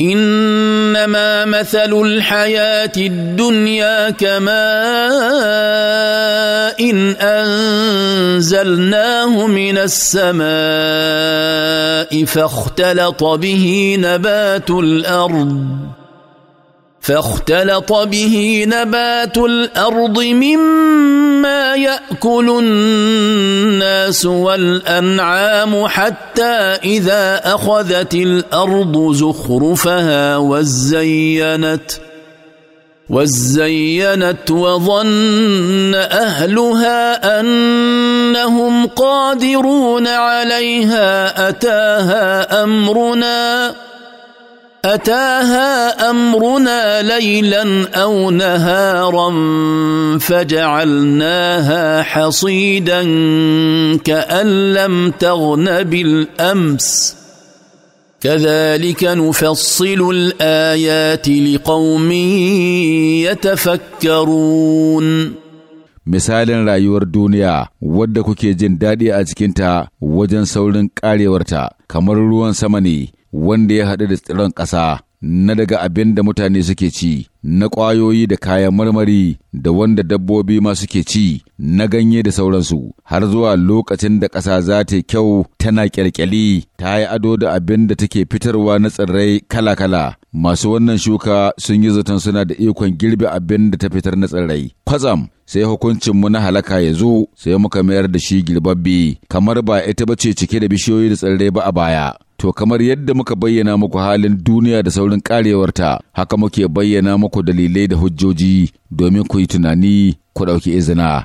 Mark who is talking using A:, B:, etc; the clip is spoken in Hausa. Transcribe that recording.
A: انما مثل الحياه الدنيا كماء إن انزلناه من السماء فاختلط به نبات الارض فاختلط به نبات الارض مما ياكل الناس والانعام حتى اذا اخذت الارض زخرفها وزينت وزينت وظن اهلها انهم قادرون عليها اتاها امرنا اتاها امرنا ليلا او نهارا فجعلناها حصيدا كان لم تغن بالامس كذلك نفصل الايات لقوم يتفكرون
B: misalin rayuwar duniya wadda kuke jin daɗi a cikinta wajen saurin ƙarewarta kamar ruwan sama ne wanda ya haɗu da tsiron ƙasa na daga abin da mutane suke ci na ƙwayoyi da kayan marmari da wanda dabbobi ma suke ci na ganye da sauransu har zuwa lokacin da ƙasa za ta kyau tana ƙyalƙyali ta yi ado da abin da take fitarwa na tsirrai kala-kala masu wannan shuka sun yi zaton suna da ikon girbe abin da ta fitar na tsirrai. Kwatsam sai hukuncinmu na halaka ya zo sai muka mayar da shi girbabbe kamar ba ita ba ce cike da bishiyoyi da tsirrai ba a baya. To kamar yadda muka bayyana muku halin duniya da saurin karewarta, haka muke bayyana muku dalilai da hujjoji domin ku yi tunani ku ɗauki izina.